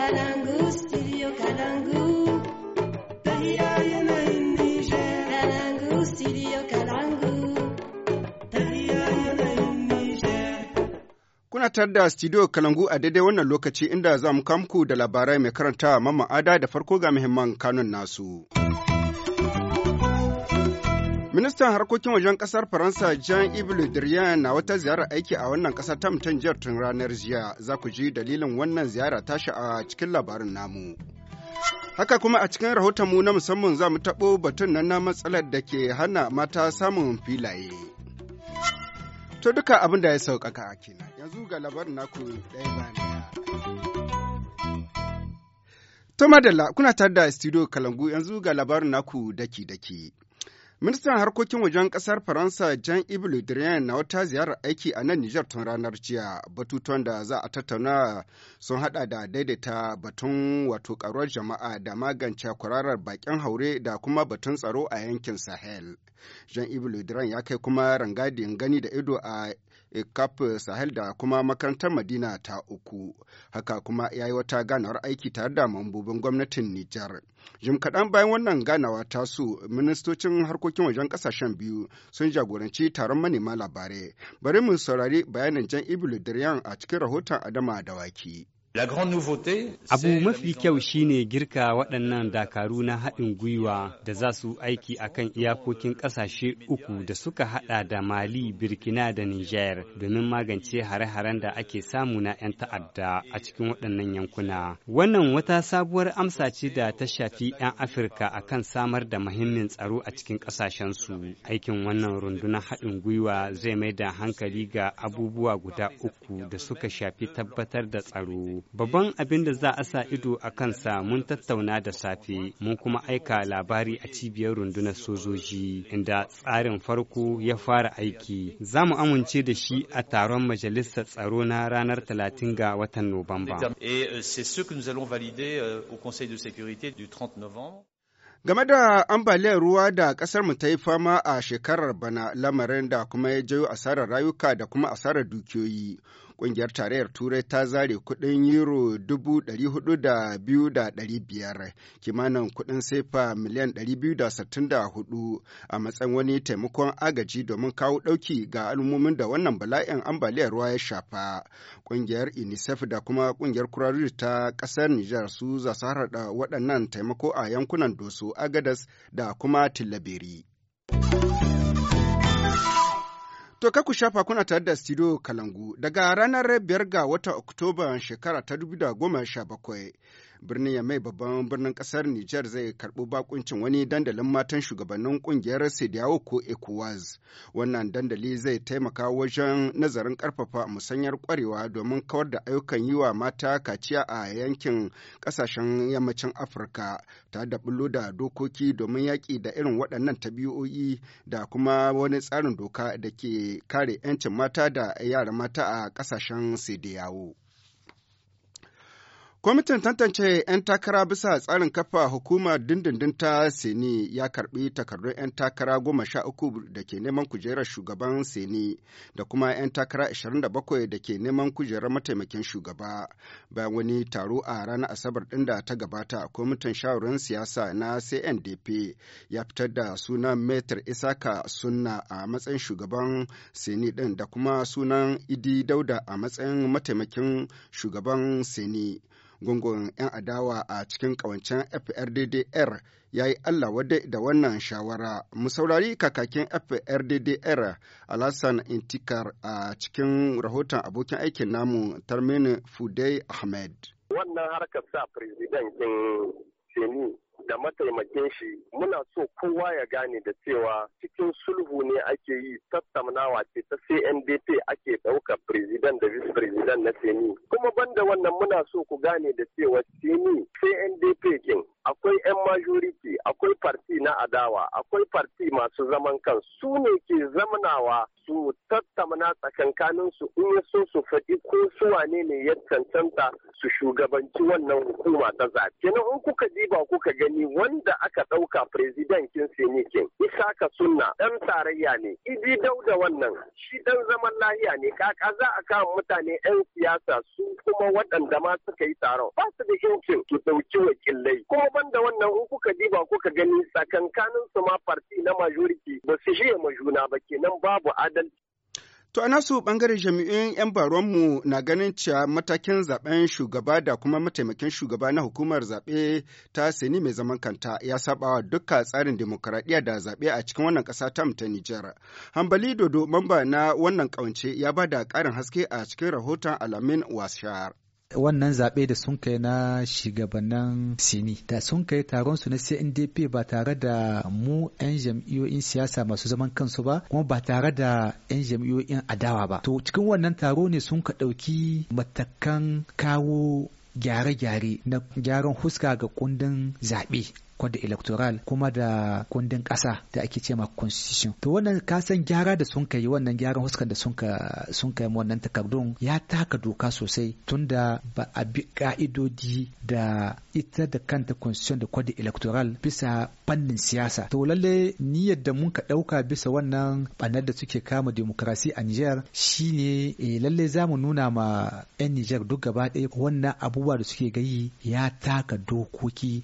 Kalangu, Kuna tar da studio Kalangu a daidai wannan lokaci inda za mu kamku da labarai mai karanta mamma'ada, da farko ga muhimman kanun nasu. Ministan harkokin wajen kasar Faransa Jean-Yves Le Drian na wata ziyarar aiki a wannan kasar ta mutan jiyar tun ranar jiya za ku ji dalilin wannan ziyara tashi a cikin labarin namu. Haka kuma a cikin rahotonmu na musamman za mu taɓo batun nan na matsalar da ke hana mata samun filaye. To duka abin da ya sauƙaƙa a kenan yanzu ga labarin naku ɗaya bayan To madalla kuna tare da studio Kalangu yanzu ga labarin naku daki-daki. Ministan harkokin wajen ƙasar Faransa Jean-Yves Le na wata ziyarar aiki a nan Nijar tun ranar jiya. Batutuwan da za a tattauna sun hada da daidaita batun wato karuwar jama'a da magance kwararar bakin haure da kuma batun tsaro a yankin Sahel. Jean-Yves Le ya kai kuma rangadin gani da ido a cap sahel da kuma makarantar madina ta uku haka kuma ya yi wata ganawar aiki tare da mambobin gwamnatin nijar jim kaɗan bayan wannan ganawa ta tasu ministocin harkokin wajen ƙasashen biyu sun jagoranci taron manema labarai bari mu saurari bayanin jan ibulu a cikin rahoton adama da waki. Abu mafi kyau shine girka waɗannan dakaru na haɗin gwiwa da za su aiki akan iyakokin ƙasashe uku da suka haɗa da Mali, Birkina da Niger domin magance hare-haren da ake samu na 'yan ta'adda a cikin waɗannan yankuna. Wannan wata sabuwar amsa ce da ta shafi 'yan Afirka akan samar da muhimmin tsaro a cikin ƙasashensu. Aikin wannan rundunar haɗin gwiwa zai mai da hankali ga abubuwa guda uku da suka shafi tabbatar da tsaro. babban abin da za a sa ido a kansa mun tattauna da safe mun kuma aika labari a cibiyar rundunar sojoji inda tsarin farko ya fara aiki za mu amince da shi a taron majalisar tsaro na ranar 30 ga watan Nuwamba. Euh, euh, Game da ambaliyar ruwa da ƙasar mu ta yi fama a shekarar bana lamarin da kuma ya jayo asarar rayuka da kuma asarar dukiyoyi. Ƙungiyar Tarayyar Turai ta zare kuɗin euro dubu kimanin kuɗin sefa miliyan ɗari a matsayin wani taimakon agaji domin kawo ɗauki ga al'ummomin da wannan bala'in ambaliyar ruwa ya shafa. Ƙungiyar UNICEF da kuma ƙungiyar kurari ta ƙasar Nijar su za su harada waɗannan taimako a yankunan Doso, Agadas da kuma tilabiri To ka ku shafa kuna tare da studio Kalangu daga ranar biyar ga watan Oktoba shekara ta dubu da goma birnin yamai babban birnin kasar Nijar zai karbi bakuncin wani dandalin matan shugabannin kungiyar Sidiyawo ko ECOWAS. Wannan dandali zai taimaka wajen nazarin karfafa musanyar kwarewa domin kawar da ayyukan yi wa mata kaciya a yankin kasashen yammacin Afirka ta da bullo da dokoki domin yaƙi da irin waɗannan tabi'o'i da kuma wani tsarin doka da ke kare 'yancin mata da yara mata a kasashen Sidiyawo. Kwamitin tantance 'yan takara bisa tsarin kafa hukumar dindindin ta Seni ya karbi takardun 'yan takara goma sha uku da ke neman kujerar shugaban sini da kuma 'yan takara 27 da ke neman kujerar mataimakin shugaba. Bayan wani taro a ranar Asabar ɗin da ta gabata, kwamitin shawarin siyasa na CNDP ya fitar da sunan Metr Isaka Sunna a matsayin shugaban sini ɗin da kuma sunan Idi Dauda a matsayin mataimakin shugaban sini gungun 'yan adawa a cikin kawancen FRDDR ya yi Allah wadai da wannan shawara. Mu saurari kakakin FRDDR Alasan Intikar a cikin rahoton abokin aikin namu Tarmini Fudai Ahmed. Wannan harkar sa firizidan ɗin da mataimakin shi muna so kowa ya gane da cewa cikin sulhu ne ake yi tattaunawa ce ta CNDP ake ɗauka president da vice president na Seni. Kuma banda wannan muna so ku gane da cewa Seni CNDP kin akwai 'yan majority akwai farti na adawa akwai farti masu zaman kan. su ne ke zamanawa su tattauna tsakankanin su in ya so su faɗi ko su wane ne ya cancanta su shugabanci wannan hukuma ta zaɓe. Kenan in kuka diba kuka gani wanda aka ɗauka firizidankin senikin ka sunna ɗan tarayya ne idi dauda wannan shi ɗan zaman lahiya ne kaka za a kawo mutane 'yan siyasa su kuma waɗanda ma suka yi taron ba su da yankin su ɗauki wakilai kuma banda wannan in kuka diba kuka gani tsakankanin su ma farti na majority ba su shiye ma juna ba kenan babu adalci To, a su ɓangare jami'in 'yan baronmu na ganin cewa matakin zaben shugaba da kuma mataimakin shugaba na hukumar zaɓe ta sini mai zaman kanta ya saba wa dukka tsarin demokaradiyya da zaɓe a cikin wannan ƙasa ta ta Nijar. Hambali Dodo, mamba na wannan ƙawance, ya ba da ƙarin haske a cikin rahoton Alamin Washar. wannan zaɓe da sun kai na shugabannin sini da sun kai taron su na CNDP ba tare da mu 'yan jam'iyyoyin siyasa masu zaman kansu ba kuma ba tare da 'yan jam'iyyoyin adawa ba to cikin wannan taro ne sun ka ɗauki matakan kawo gyare-gyare na gyaran huska ga kundin zaɓe kwanda electoral kuma da kundin ƙasa da ake cema constitution to wannan ka san gyara da sun kai wannan gyaran huskan da sun sun kai wannan takardun ya taka doka sosai tunda ba a bi ka'idodi da ita da kanta constitution da kwada electoral bisa fannin siyasa to lalle ni yadda mun ka ɗauka bisa wannan bannar da suke kama demokrasi a Niger shine eh, lalle za mu nuna ma 'yan Niger duk gaba ɗaya wannan abubuwa da suke gayi ya taka dokoki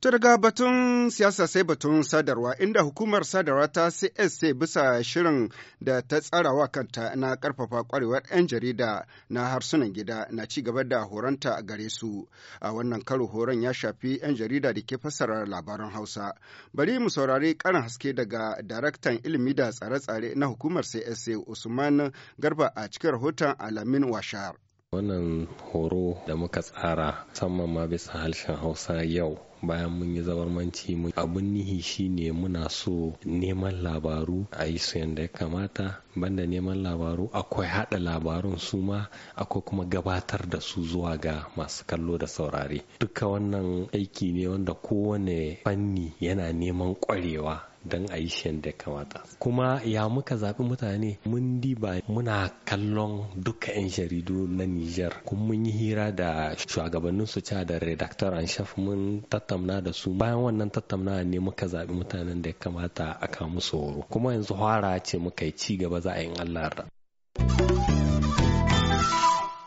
To daga batun siyasa sai batun sadarwa inda hukumar sadarwa ta CSC bisa shirin da ta tsarawa kanta na karfafa kwarewar 'yan jarida na harsunan gida na ci gaba da horonta gare su. A wannan karo horon ya shafi 'yan jarida da ke fassara labaran Hausa. Bari mu saurari karin haske daga daraktan ilimi da tsare-tsare na hukumar CSC Usman Garba a cikin rahoton Alamin Washar. wannan horo da muka tsara musamman ma bisa harshen hausa yau bayan mun yi zabarmanci mu abun nihi shine muna so neman labaru a yi su yadda ya kamata banda neman labaru akwai hada labarun su ma akwai kuma gabatar da su zuwa ga masu kallo da saurare duka wannan aiki ne wanda kowane fanni yana neman kwarewa don a yi shan da kamata kuma ya muka zaɓi mutane mun diba muna kallon duka 'yan jaridu na niger kuma mun yi hira da shugabannin su ca da redaktor an shaf mun tattauna da su bayan wannan tattaunawa ne muka zaɓi mutanen da ya kamata a kamu horo kuma yanzu hara ce muka yi ci gaba za a yi Allah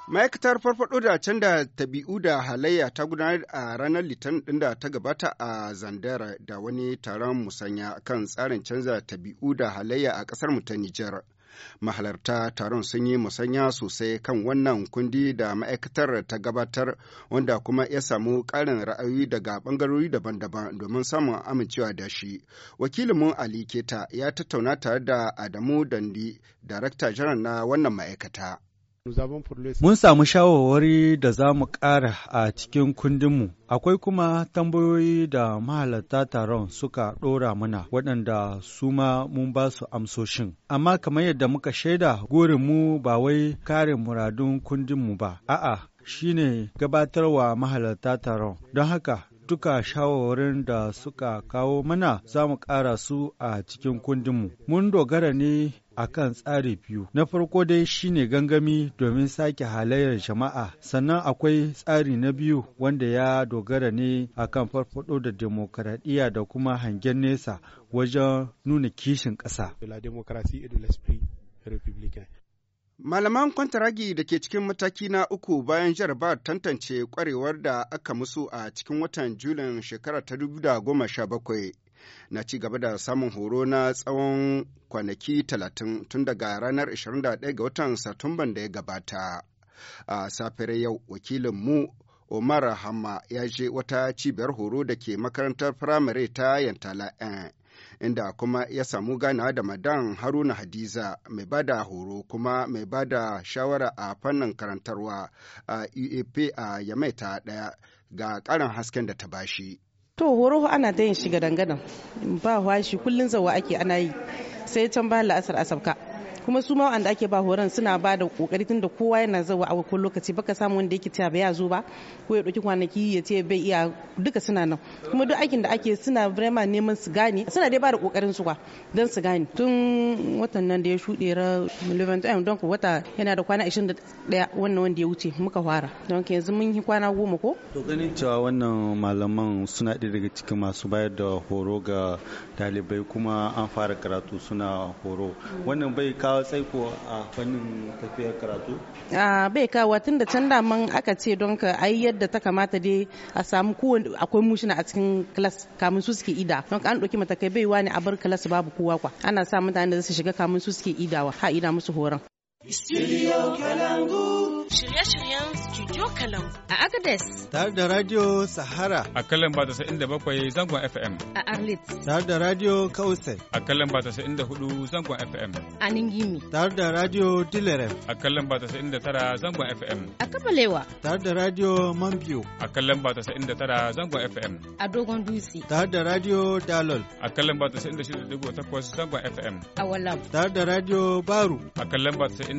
ma'aikatar farfaɗo da canza tabi'u da halayya ta gudanar a ranar litinin din da ta gabata a zandara da wani taron musanya kan tsarin canza tabi'u da halayya a ƙasar mu ta nijar mahalarta taron sun yi musanya sosai kan wannan kundi da ma'aikatar ta gabatar wanda kuma ya samu karin ra'ayoyi daga ɓangarori daban-daban domin samun amincewa da shi wakilinmu ali keta ya tattauna tare da adamu dandi darakta jiran na wannan ma'aikata Mun samu shawarwari da za mu ƙara a cikin kundinmu. Akwai kuma tambayoyi da mahalarta taron suka ɗora mana waɗanda su ma mun ba su amsoshin. Amma kamar yadda muka shaida mu ba wai kare muradun kundinmu ba, a'a shi ne gabatarwa mahalarta taron. Don haka duka shawarwarin da suka kawo mana za mu ƙara su a cikin kundinmu. Mun dogara ne a kan tsari biyu. Na farko dai shine gangami domin sake halayyar jama'a, sannan akwai tsari na biyu wanda ya dogara ne a kan farfado da demokaradiyya da kuma hangen nesa wajen nuna kishin ƙasa. Malaman kwantaragi da ke cikin mataki na uku bayan jarabar tantance kwarewar da aka musu a cikin watan Julin shekara ta 2017 na ci gaba da samun horo na tsawon kwanaki talatin tun daga ranar 21 ga watan Satumban da ya gabata. A safiyar yau wakilin mu Omar hama ya je wata cibiyar horo da ke makarantar firamare ta Yantala inda kuma ya samu ganawa da madan Haruna Hadiza mai bada horo kuma mai bada shawara a fannin karantarwa a UAP a yamaita daya ga ƙarin hasken da ta bashi. to horo ana ta yin shi dangana ba washi kullum zawa ake ana yi sai can bayan la'asar asabka kuma su ma wanda ake ba horon suna ba da kokari da kowa yana zuwa a wakon lokaci baka samu wanda yake ta ba ya zo ba ko ya dauki kwanaki ya ce bai iya duka suna nan kuma duk aikin da ake suna vraiment neman su gane suna dai ba da kokarin su kwa don su gane tun watan nan da ya shuɗe ra Levant don don wata yana da kwana 21 wannan wanda ya wuce muka fara don yanzu mun yi kwana goma ko to ganin cewa wannan malaman suna ɗaya daga cikin masu bayar da horo ga dalibai kuma an fara karatu suna horo wannan bai kawo sai tsaiko a fannin tafiyar karatu? bai kawo tun da can daman aka ce don ka ayi yadda ta kamata dai a samu kowane akwai mushina a cikin kilas kamun su suke ida don ka an ɗauki matakai baiwa ne a bar klas babu kowa kwa ana sa mutane da su shiga kamun su suke idawa ha ida musu horon Studio Kalangu. Shirye-shiryen Studio Kalangu. A Agadez. Tare da Radio Sahara. A kalan ba inda bakwai zangon FM. A Arlit. Tare da Radio Kausai. A kalan ba inda hudu zangon FM. A Ningimi. Tare da Radio Dileren. A kalan ba inda tara zangon FM. A Kabalewa. Tare da Radio Mambiyo. A kalan ba inda tara zangon FM. A Dogon Dutse. Tare da Radio Dalol. A kalan ba da takwas zangon FM. A Walam. Tare da Radio Baru. A kalan ba inda.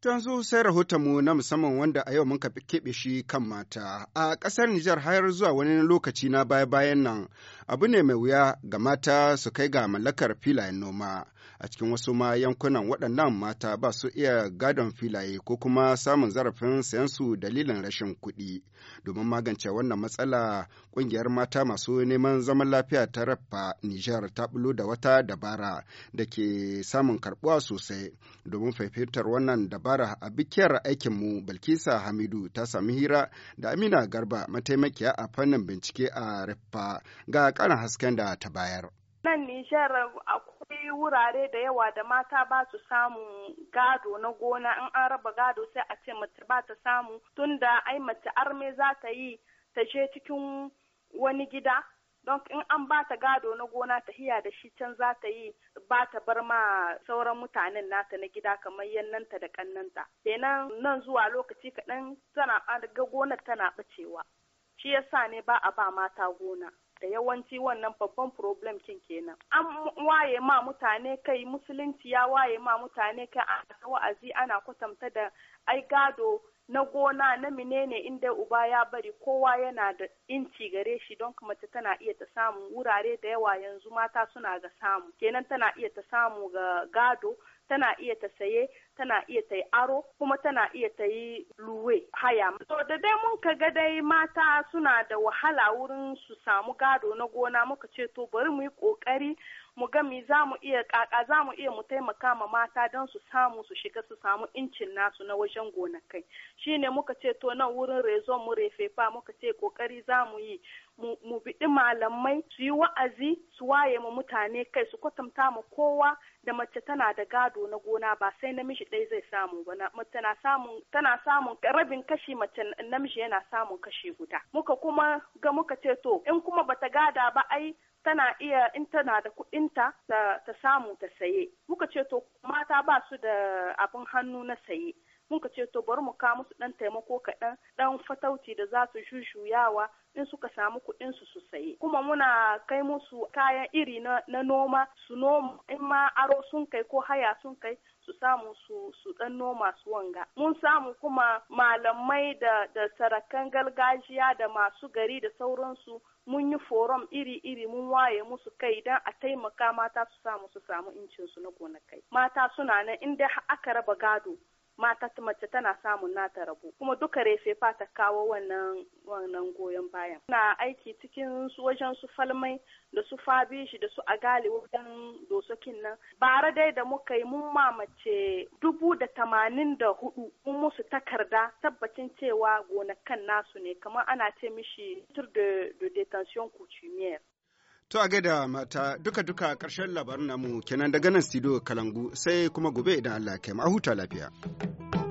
Tanzu sai rahotonmu na musamman wanda a yau mun ka keɓe shi kan mata. A ƙasar Nijar har zuwa wani lokaci na baya-bayan nan abu ne mai wuya ga mata su kai ga mallakar filayen noma. A cikin wasu ma yankunan waɗannan mata ba su iya gadon filaye ko kuma samun zarafin sayansu dalilin rashin kuɗi. Domin magance wannan matsala ƙungiyar mata masu neman zaman lafiya ta rafa Nijar ta bulo da wata dabara da ke samun karɓuwa sosai domin faifitar wannan dabara fara a bikiyar aikinmu Balkisa Hamidu ta sami hira da Amina Garba mataimakiya a fannin bincike a Riffa ga ƙarin hasken da ta bayar. Nan Nijar akwai wurare da yawa da mata ba su samun gado na gona in an raba gado sai a ce mace ba ta samu tunda ai mace arme za ta yi ta je cikin wani gida don in an ba ta gado na gona ta hiya da shi can za ta yi ba ta bar ma sauran mutanen nata na gida kamar yannanta da kannanta kenan nan zuwa lokaci kaɗan tana ga gonar tana ɓacewa shi yasa ne ba a ba mata gona da yawanci wannan babban problem kin kenan an waye ma mutane kai musulunci ya waye ma mutane kai a wa'azi ana kwatanta da ai gado na gona na menene inda uba ya bari kowa yana da inci gare shi don mace tana iya ta samu wurare da yawa yanzu mata suna ga samu kenan tana iya ta samu ga gado tana iya ta saye tana iya ta yi aro kuma tana iya ta yi luwe haya to da dai mun ka ga dai mata suna da wahala wurin su samu gado na gona muka ce to bari mu yi kokari mu gami mi za mu iya kaka za mu iya mu taimaka ma mata don su samu su shiga su samu incin nasu na wajen gonakai ne muka ce to nan wurin rezo mu refefa muka ce kokari za mu yi mu biɗi malamai su yi wa'azi su waye ma mutane kai su kwatanta ma kowa da mace tana da gado na gona ba sai namiji ɗaya zai samu ba mace na samun tana samun rabin kashi mace namiji yana samun kashi guda muka kuma ga muka ce to in kuma bata gada ba ai tana iya in tana da kuɗinta ta samu ta saye muka ce to mata ba su da abin hannu na saye muka ce to bari mu ka musu dan taimako kaɗan dan fatauci da za su shushuyawa in suka samu kuɗin su su saye kuma muna kai musu kayan iri na, noma su noma in ma aro sun kai ko haya sun kai su samu su ɗan dan noma su wanga mun samu kuma malamai da da sarakan gargajiya da masu gari da sauransu mun yi forum iri-iri mun waye musu kai don a taimaka mata su samu su samu incinsu na gonakai mata suna nan inda aka raba gado mata mace tana samun nata rabo kuma duka refe fa ta kawo wannan wannan goyon bayan na aiki cikin su wajen su falmai da su fabishi da su agali wajen dosokin nan bara dai da muka yi mun mamace dubu da tamanin da hudu mun musu takarda tabbacin cewa gonakan nasu ne kamar ana ce mishi tur de, detention coutumiere. To a gaida mata duka-duka ƙarshen labarin namu kenan daga nan studio Kalangu sai kuma gobe idan Allah ya kai ma. a huta lafiya.